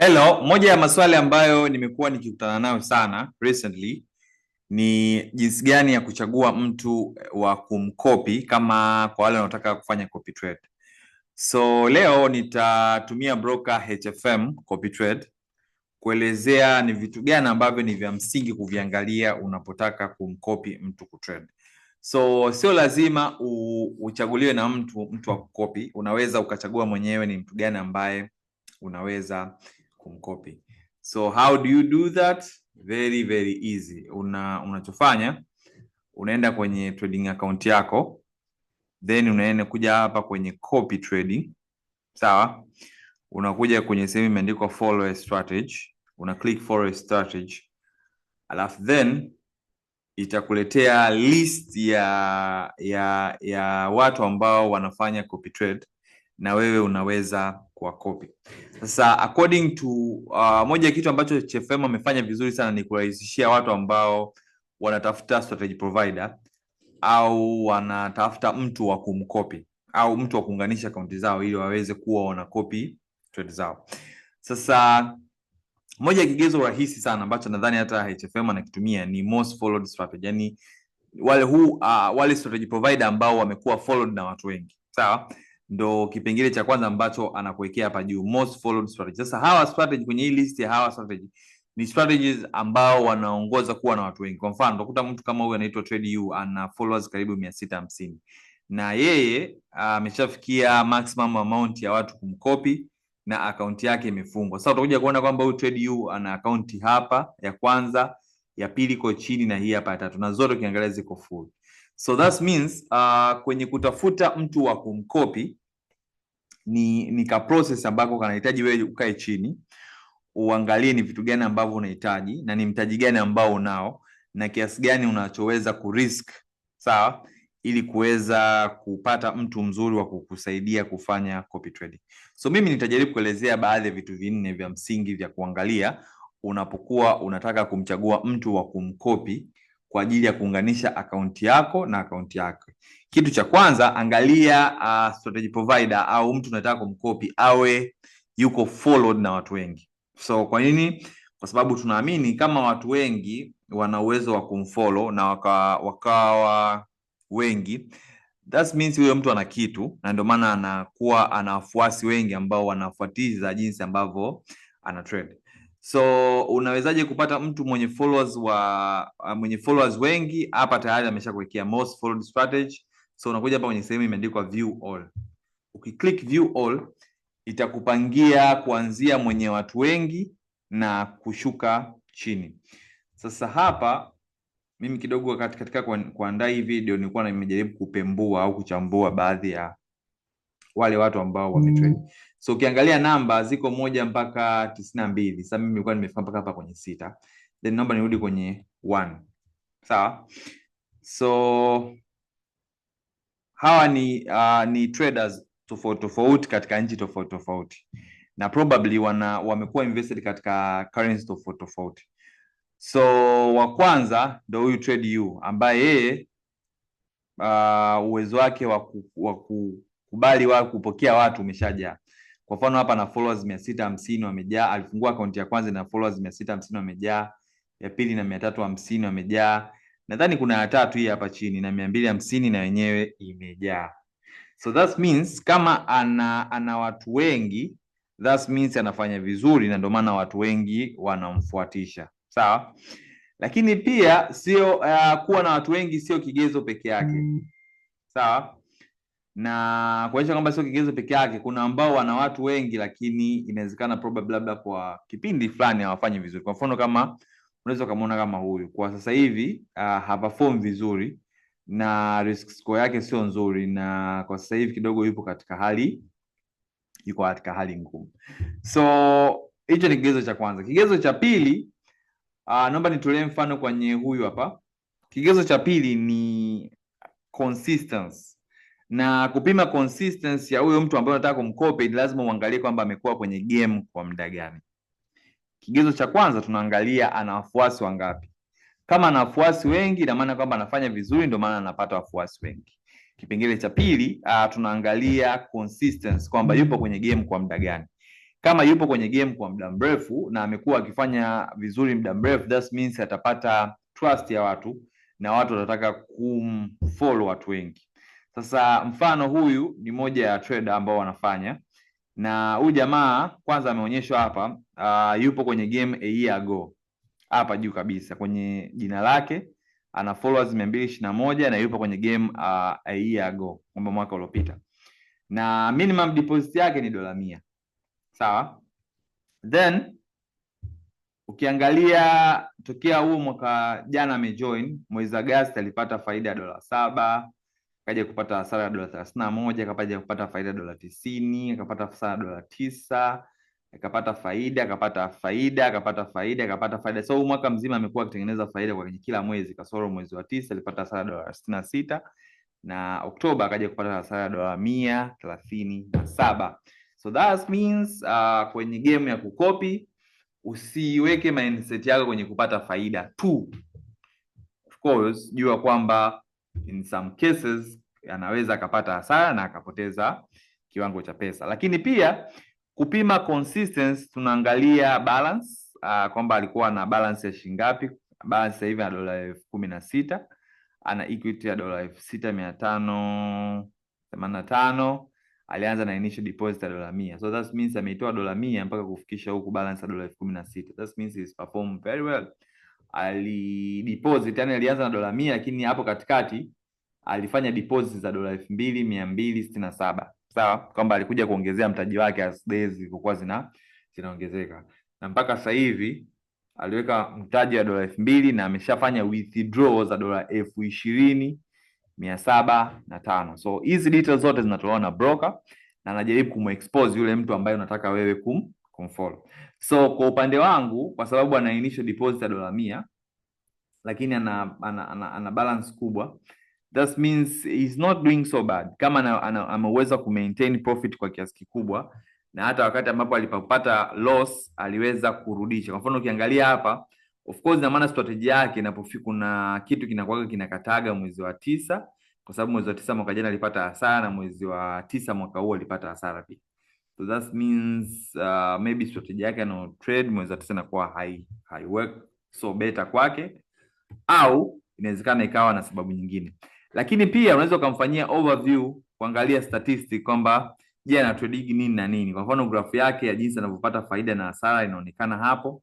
Hello, moja ya maswali ambayo nimekuwa nikikutana nayo sana recently ni jinsi gani ya kuchagua mtu wa kumkopi kama kwa wale wanaotaka kufanya copy trade. So leo nitatumia broker HFM copy trade kuelezea ni vitu gani ambavyo ni vya msingi kuviangalia unapotaka kumkopi mtu kutrade. So sio lazima u, uchaguliwe na mtu mtu wa kukopi, unaweza ukachagua mwenyewe ni mtu gani ambaye unaweza kumcopy. So how do you do that? Very very easy. Una unachofanya unaenda kwenye trading account yako, then unaenda kuja hapa kwenye copy trading, sawa? Unakuja kwenye sehemu imeandikwa follow a strategy, una click follow a strategy, alafu then itakuletea list ya ya ya watu ambao wanafanya copy trade na wewe unaweza kuwakopi. Sasa according to uh, moja ya kitu ambacho CHFM amefanya vizuri sana ni kurahisishia watu ambao wanatafuta strategy provider au wanatafuta mtu wa kumkopi au mtu wa kuunganisha akaunti zao ili waweze kuwa wanakopi trade zao. Sasa moja ya kigezo rahisi sana ambacho nadhani hata HFM anakitumia ni most followed strategy, yani wale, who, uh, wale strategy provider ambao wamekuwa followed na watu wengi sawa. So, ndo kipengele cha kwanza ambacho anakuwekea hapa juu, most followed strategy. Sasa hawa strategy kwenye hii list ya hawa strategy ni strategies ambao wanaongoza kuwa na watu wengi. Kwa mfano, utakuta mtu kama huyu anaitwa TradeU ana followers karibu mia sita hamsini na yeye ameshafikia maximum amount ya watu kumkopi na akaunti yake imefungwa. Sasa utakuja kuona kwamba huyu TradeU ana akaunti hapa ya kwanza, ya pili iko chini na hii hapa ya tatu, na zote ukiangalia ziko full. So that means uh, kwenye kutafuta mtu wa kumkopi ni, ni ka process ambako kanahitaji wewe ukae chini uangalie ni vitu gani ambavyo unahitaji na ni mtaji gani ambao unao na kiasi gani unachoweza kurisk sawa, ili kuweza kupata mtu mzuri wa kukusaidia kufanya copy trading. So mimi nitajaribu kuelezea baadhi ya vitu vinne vya msingi vya kuangalia unapokuwa unataka kumchagua mtu wa kumkopi kwa ajili ya kuunganisha akaunti yako na akaunti yake. Kitu cha kwanza, angalia uh, strategy provider au mtu unataka kumkopi awe yuko followed na watu wengi. So kwa nini? Kwa sababu tunaamini kama watu wengi wana uwezo wa kumfollow na wakawa wengi That means huyo mtu ana kitu na ndio maana anakuwa ana wafuasi wengi ambao wanafuatiza jinsi ambavyo ana trade. So unawezaje kupata mtu mwenye followers wa ah, mwenye followers wengi? Hapa tayari ameshakuwekea most followed strategy. So unakuja hapa kwenye sehemu imeandikwa view all. Ukiclick view all itakupangia kuanzia mwenye watu wengi na kushuka chini. Sasa hapa mimi kidogo katika kuandaa hii video nilikuwa nimejaribu kupembua au kuchambua baadhi ya wale watu ambao wametrade. Mm. So ukiangalia namba ziko moja mpaka tisini na mbili. Sasa mimi nilikuwa nimefika mpaka hapa kwenye sita, then naomba nirudi kwenye one. Sawa, so hawa ni uh, ni traders tofauti tofauti katika nchi tofauti tofauti na probably wana wamekuwa invested katika currency tofauti tofauti. So wa kwanza ndo huyu Trade U ambaye yeye uh, uwezo wake wa kubali wa kupokea watu umeshajaa. Kwa mfano hapa na followers 650 wamejaa, alifungua akaunti ya kwanza na followers 650 wamejaa, ya pili na 350 wamejaa. Nadhani kuna ya tatu hii hapa chini na 250 na wenyewe imejaa. So that means kama ana ana watu wengi, that means anafanya vizuri na ndio maana watu wengi wanamfuatisha. Sawa? Lakini pia sio uh, kuwa na watu wengi sio kigezo peke yake. Mm. Sawa? na kuonyesha kwamba sio kigezo peke yake. Kuna ambao wana watu wengi, lakini inawezekana probably labda kwa kipindi fulani hawafanyi vizuri. Kwa mfano kama unaweza ukamwona kama huyu kwa sasa hivi uh, haperform vizuri na risk score yake sio nzuri, na kwa sasa hivi kidogo yupo katika hali yuko katika hali ngumu. So hicho ni kigezo cha kwanza. Kigezo cha pili uh, naomba nitolee mfano kwenye huyu hapa. Kigezo cha pili ni consistency na kupima consistency ya huyo mtu ambaye unataka kumkopi, lazima uangalie kwamba amekuwa kwenye game kwa muda gani. Kigezo cha kwanza tunaangalia ana wafuasi wangapi. Kama ana wafuasi wengi, ina maana kwamba anafanya vizuri, ndio maana anapata wafuasi wengi. Kipengele cha pili uh, tunaangalia consistency kwamba yupo kwenye game kwa muda gani. Kama yupo kwenye game kwa muda mrefu na amekuwa akifanya vizuri muda mrefu, that means atapata trust ya watu na watu watataka kumfollow watu wengi sasa mfano huyu ni moja ya trader ambao wanafanya na huyu jamaa kwanza ameonyeshwa hapa uh, yupo kwenye game a year ago hapa juu kabisa kwenye jina lake ana followers mia mbili ishirini na moja na yupo kwenye game uh, a year ago kwamba mwaka uliopita na minimum deposit yake ni dola mia sawa then ukiangalia tokea huo mwaka jana amejoin mwezi agasti alipata faida ya dola saba akaja kupata hasara ya dola thelathini na moja akapaja kupata faida dola tisini akapata hasara dola tisa akapata faida akapata faida akapata faida akapata faida. So mwaka mzima amekuwa akitengeneza faida kwa kila mwezi, kasoro mwezi wa tisa alipata hasara dola sitini na sita na Oktoba akaja kupata hasara ya dola mia thelathini na saba. So that means uh, kwenye game ya kukopi usiweke mindset yako kwenye kupata faida tu. Of course jua kwamba in some cases anaweza akapata hasara na akapoteza kiwango cha pesa. Lakini pia kupima consistency, tunaangalia balance uh, kwamba alikuwa na balance ya shilingi ngapi. Balance sasa hivi ana dola elfu kumi na sita ana equity ya dola elfu sita mia tano themanini na tano alianza na initial deposit ya dola mia so that means ameitoa dola mia mpaka kufikisha huku balance ya dola elfu kumi na sita that means he's performed very well alideposit, yani alianza na dola mia, lakini hapo katikati alifanya deposit za dola elfu mbili mia mbili sitini na saba sawa, kwamba alikuja kuongezea mtaji wake as days zina zinaongezeka, na mpaka sasa hivi aliweka mtaji wa dola elfu mbili na ameshafanya withdraw za dola elfu ishirini mia saba na tano. So hizi details zote zinatolewa na broker na anajaribu kumexpose yule mtu ambaye unataka wewe kum kumfollow. So kwa upande wangu, kwa sababu ana initial deposit ya dola mia lakini ana ana, ana, ana balance kubwa that means he's not doing so bad, kama ameweza ku maintain profit kwa kiasi kikubwa, na hata wakati ambapo alipopata loss aliweza kurudisha. Kwa mfano ukiangalia hapa, of course, na maana strategy yake inapofika, kuna kitu kinakuwa kinakataga mwezi wa tisa, kwa sababu mwezi wa tisa mwaka jana alipata hasara na mwezi wa tisa mwaka huu alipata hasara pia. So that means uh, maybe strategy yake ana trade mweza tisa kuwa hai hai work so better kwake, au inawezekana ikawa na sababu nyingine, lakini pia unaweza ukamfanyia overview kuangalia statistic kwamba je, yeah, ana trade nini na nini. Kwa mfano grafu yake ya jinsi anavyopata faida na hasara inaonekana hapo.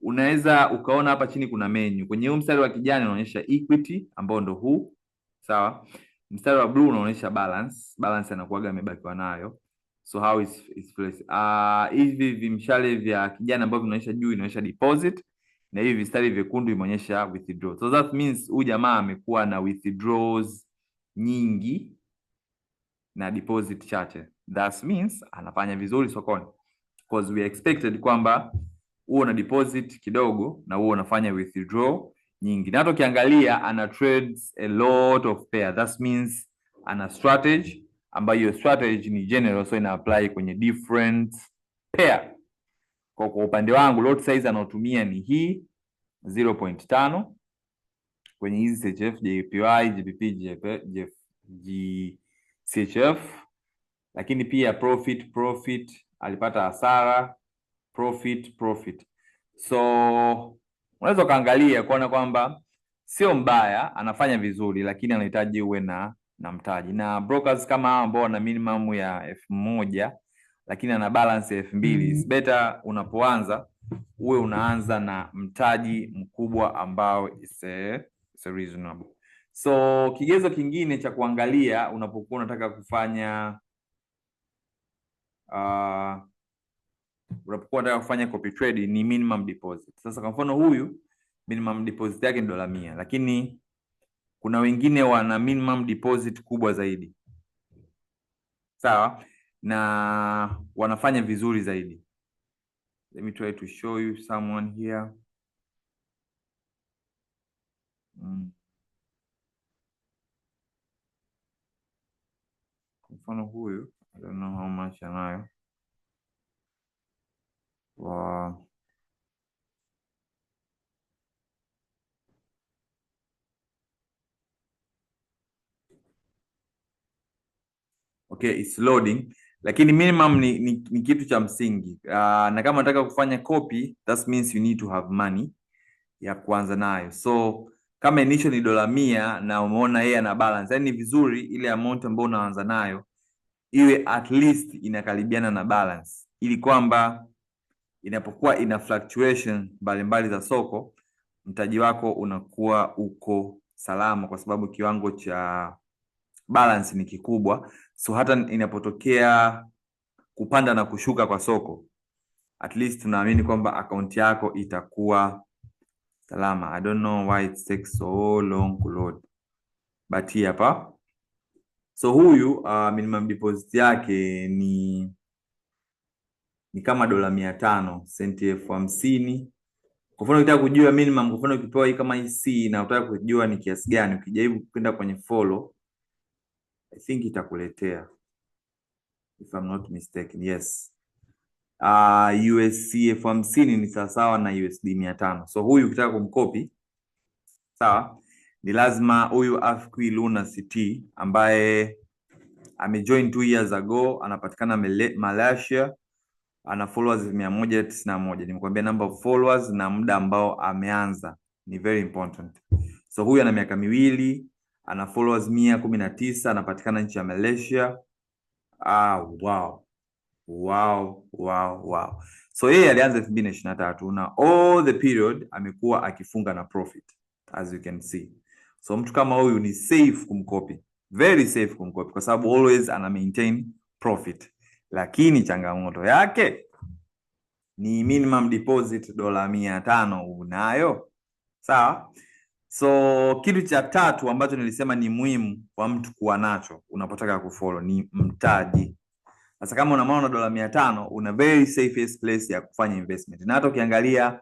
Unaweza ukaona hapa chini kuna menu kwenye huu mstari wa kijani unaonyesha equity ambao ndo huu sawa. Mstari wa blue unaonyesha balance, balance anakuaga amebakiwa nayo so how is is place ah uh, hivi vimshale vya kijani ambavyo vinaonyesha juu inaonyesha deposit na hivi vistari vyekundu imeonyesha withdraw so that means huyu jamaa amekuwa na withdraws nyingi na deposit chache that means anafanya vizuri sokoni because we expected kwamba huo na deposit kidogo na huo unafanya withdraw nyingi na hata ukiangalia ana trades a lot of pair that means ana strategy ambayo strategy ni general, so ina apply kwenye different pair. Kwa kwa upande wangu lot size anaotumia ni hii 0.5 kwenye hizi CHF, JPY, GBP, GF, GCHF, lakini pia profit profit alipata hasara profit profit. So unaweza ukaangalia kuona kwamba sio mbaya, anafanya vizuri, lakini anahitaji uwe na na mtaji, na brokers kama hao ambao wana minimum ya elfu moja lakini ana balance ya elfu mbili is mm. better unapoanza uwe unaanza na mtaji mkubwa ambao is a, is a reasonable. So kigezo kingine cha kuangalia unapokuwa unataka kufanya uh, unapokuwa unataka kufanya copy trade ni minimum deposit. Sasa kwa mfano huyu minimum deposit yake ni dola mia, lakini kuna wengine wana minimum deposit kubwa zaidi, sawa, na wanafanya vizuri zaidi. Let me try to show you someone here. Mm. Kwa mfano huyu, I don't know how much anayo. Wow. okay, it's loading, lakini minimum ni, ni, ni kitu cha msingi uh, na kama unataka kufanya copy that means you need to have money ya kuanza nayo, so kama initial ni dola mia na umeona yeye ana balance, yani ni vizuri ile amount ambayo unaanza nayo iwe at least inakaribiana na balance, ili kwamba inapokuwa ina fluctuation mbalimbali za soko, mtaji wako unakuwa uko salama, kwa sababu kiwango cha balance ni kikubwa so hata inapotokea kupanda na kushuka kwa soko, at least tunaamini kwamba akaunti yako itakuwa salama. I don't know why it takes so long to load but hii hapa. So huyu uh, minimum deposit yake ni ni kama dola mia tano senti elfu hamsini kwa mfano ukitaka kujua minimum, kwa mfano ukipewa hii kama hii C na unataka kujua ni kiasi gani, ukijaribu kwenda kwenye follow I think itakuletea if I'm not mistaken. Yes. Uh, ah, USC elfu hamsini ni sawasawa na USD mia tano. So huyu ukitaka kumkopi sawa, ni lazima huyu Afqui Luna CT ambaye amejoin two years ago, anapatikana Malaysia, ana followers mia moja tisini na moja. Nimekuambia number of followers na muda ambao ameanza ni very important. So huyu ana miaka miwili ana followers mia kumi na tisa anapatikana nchi ya Malaysia. Ah, wow. Wow, wow, wow. So yeye alianza elfu mbili na ishirini na tatu na all the period amekuwa akifunga na profit as you can see. So mtu kama huyu ni safe kumkopi, very safe kumkopi kwa sababu always ana maintain profit, lakini changamoto yake ni minimum deposit dola mia tano unayo sawa so, So kitu cha tatu ambacho nilisema ni muhimu kwa mtu kuwa nacho unapotaka kufollow ni mtaji. Sasa kama una maana dola mia tano una very safest place ya kufanya investment, na hata ukiangalia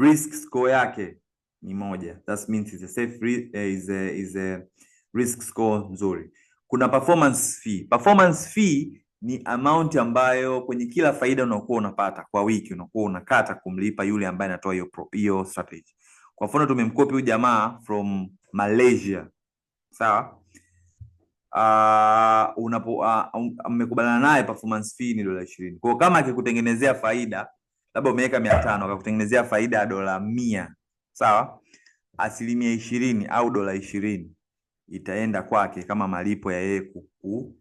risk score yake ni moja, that means is a safe eh, is a, is a risk score nzuri. Kuna performance fee. Performance fee ni amount ambayo kwenye kila faida unakuwa unapata kwa wiki unakuwa unakata kumlipa yule ambaye anatoa hiyo hiyo strategy kwa mfano tumemkopi huyu jamaa from Malaysia, sawa. Uh, unapo uh, mmekubaliana naye performance fee ni dola ishirini. kwao kama akikutengenezea faida labda umeweka mia tano akakutengenezea faida ya dola mia sawa, asilimia ishirini au dola ishirini itaenda kwake kama malipo ya yeye ku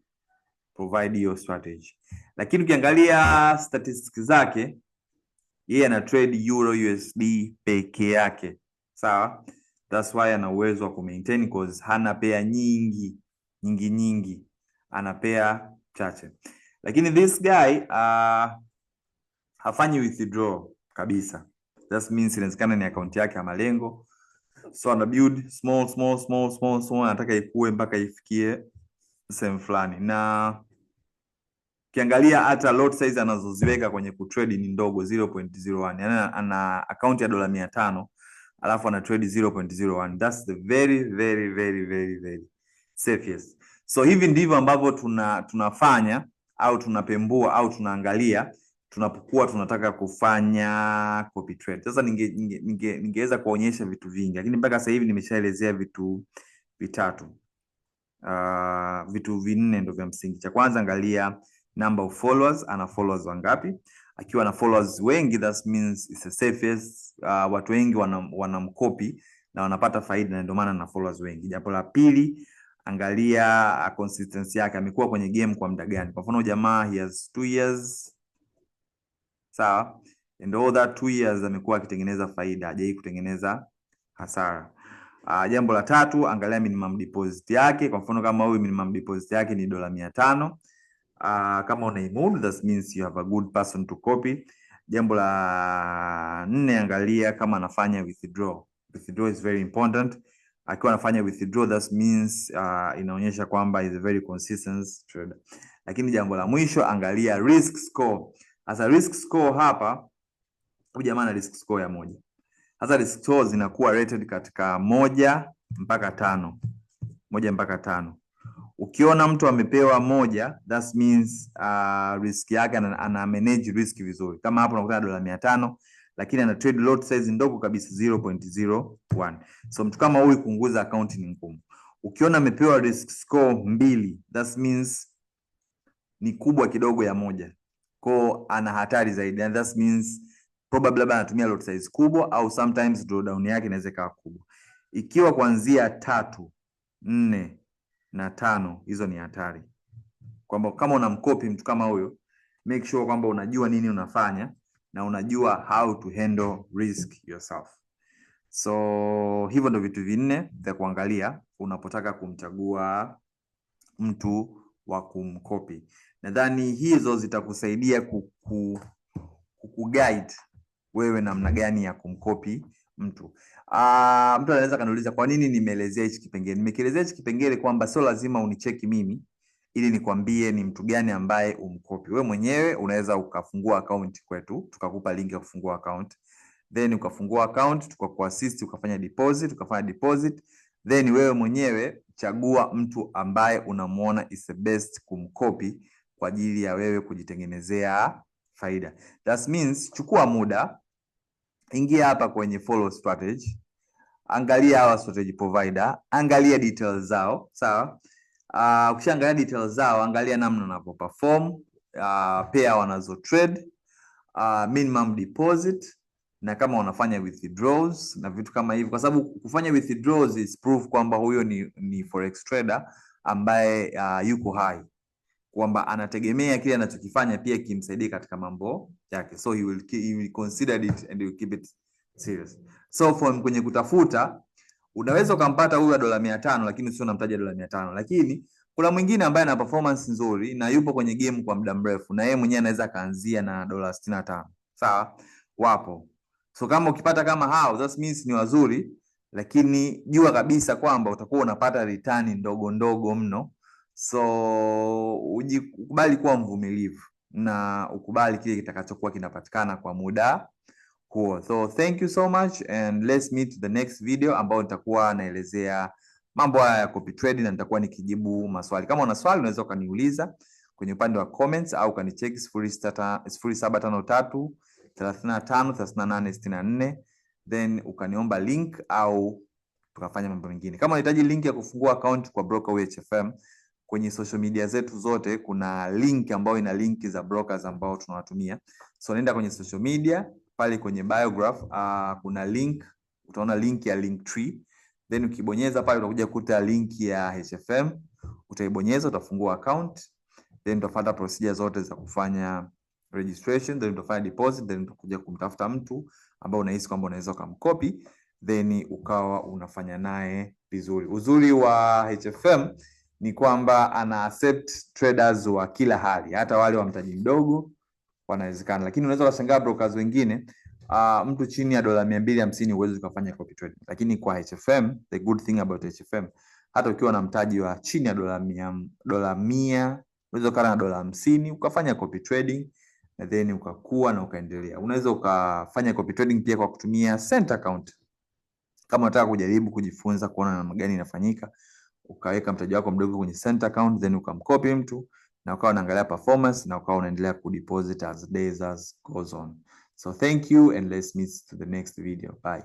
provide hiyo strategy. Lakini ukiangalia statistics zake yeye ana trade euro USD peke yake sawa that's why ana uwezo wa kumaintain cause hana pea nyingi nyingi nyingi ana pea chache lakini this guy uh, hafanyi withdraw kabisa that means inawezekana ni akaunti yake ya malengo so ana build small small small small small anataka ikue mpaka ifikie sehemu fulani na ukiangalia hata lot size anazoziweka kwenye kutrade ni ndogo 0.01 yani ana akaunti ya dola mia tano alafu ana trade 0.01 that's the very very very very very safest. So hivi ndivyo ambavyo tuna tunafanya au tunapembua au tunaangalia tunapokuwa tunataka kufanya copy trade. Sasa ningeweza ninge, ninge, ninge kuonyesha vitu vingi, lakini mpaka sasa hivi nimeshaelezea vitu vitatu. Uh, vitu vinne ndio vya msingi. Cha kwanza, angalia number of followers, ana followers wangapi? akiwa na followers wengi, that means it's the safest. Uh, watu wengi wanamkopi wana na wanapata faida, na ndio maana na followers wengi. japo la pili, angalia uh, consistency yake, amekuwa kwenye game kwa muda gani? Kwa mfano jamaa he has 2 years, sawa, and all that 2 years amekuwa akitengeneza faida, hajai kutengeneza hasara. Uh, jambo la tatu, angalia minimum deposit yake. Kwa mfano kama huyu minimum deposit yake ni dola mia Uh, kama una unaimudu that means you have a good person to copy. Jambo la nne, angalia kama anafanya withdraw. Withdraw is very important. Akiwa anafanya withdraw that means uh, inaonyesha kwamba is a very consistent trader. Lakini jambo la mwisho, angalia risk score. As a risk score hapa, huyu jamaa ana risk score ya moja. Sasa risk score zinakuwa rated katika moja mpaka tano, moja mpaka tano. Ukiona mtu amepewa moja, that means uh, risk yake ana, ana manage risk vizuri. Kama hapo unakuta dola mia tano lakini ana trade lot size ndogo kabisa 0.01. So mtu kama huyu kuunguza account ni ngumu. Ukiona amepewa risk score mbili, that means ni kubwa kidogo ya moja, ko ana hatari zaidi, and that means probably labda anatumia lot size kubwa, au sometimes drawdown yake inaweza ikawa kubwa. Ikiwa kuanzia tatu nne na tano, hizo ni hatari. Kwamba kama unamkopi mtu kama huyo, make sure kwamba unajua nini unafanya na unajua how to handle risk yourself. So hivyo ndo vitu vinne vya kuangalia unapotaka kumchagua mtu wa kumkopi. Nadhani hizo zitakusaidia kuku, guide wewe namna gani ya kumkopi mtu. Uh, mtu anaweza kaniuliza kwa nini nimeelezea hichi kipengele. Nimekielezea hichi kipengele kwamba sio lazima unicheki mimi ili nikwambie ni mtu gani ambaye umkopi. We mwenyewe unaweza ukafungua account kwetu, tukakupa link ya kufungua account. Then ukafungua account, tukakuassist, ukafanya deposit, ukafanya deposit. Then wewe mwenyewe chagua mtu ambaye unamuona is the best kumkopi kwa ajili ya wewe kujitengenezea faida. That means chukua muda ingia hapa kwenye follow strategy, angalia hawa strategy provider, angalia details zao, sawa. Uh, ukishaangalia details zao, angalia namna wanavyo perform, uh, pair wanazo trade, uh, minimum deposit na kama wanafanya withdrawals na vitu kama hivyo, kwa sababu kufanya withdrawals is proof kwamba huyo ni, ni forex trader ambaye uh, yuko hai kwamba anategemea kile anachokifanya pia kimsaidie katika mambo yake, so he will, he will consider it and he will keep it serious. So from kwenye kutafuta unaweza ukampata huyu wa dola mia tano lakini sio namtaja dola mia tano lakini kuna mwingine ambaye ana performance nzuri na yupo kwenye game kwa muda mrefu, na yeye mwenyewe anaweza akaanzia na dola sitini na tano sawa. Wapo, so kama ukipata kama hao, that means ni wazuri, lakini jua kabisa kwamba utakuwa unapata return ndogo ndogo mno So ukubali kuwa mvumilivu na ukubali kile kitakachokuwa kinapatikana kwa muda huo. So thank you so much and let's meet the next video ambayo nitakuwa naelezea mambo haya ya copy trade na nitakuwa nikijibu maswali. Kama una swali unaweza ukaniuliza kwenye upande wa comments au kanicheki 0753 35 38 64 then ukaniomba link au tukafanya mambo mengine. Kama unahitaji link ya kufungua account kwa broker HFM kwenye social media zetu zote kuna link ambayo ina link za brokers ambao tunawatumia. So nenda kwenye social media pale kwenye biograph, uh, kuna link utaona link ya Linktree, then ukibonyeza pale utakuja kuta link ya HFM, utaibonyeza utafungua account, then utafuata procedure zote za kufanya registration, then utafanya deposit, then utakuja kumtafuta mtu ambao unahisi kwamba unaweza ukamkopi, then ukawa unafanya naye vizuri. Uzuri wa HFM ni kwamba ana accept traders wa kila hali, hata wale wa mtaji mdogo wanawezekana, lakini unaweza ukashangaa brokers wengine uh, mtu chini ya dola 250 uweze kufanya copy trade, lakini kwa HFM, the good thing about HFM, hata ukiwa na mtaji wa chini ya dola 100 dola 100 unaweza kana na dola 50 ukafanya copy trading na then ukakua na ukaendelea. Unaweza ukafanya copy trading pia kwa kutumia cent account, kama unataka kujaribu kujifunza kuona namna gani inafanyika ukaweka mtaji wako mdogo kwenye center account, then ukamkopi mtu na ukawa unaangalia performance na ukawa unaendelea kudeposit as days as goes on. So thank you and let's meet to the next video. Bye.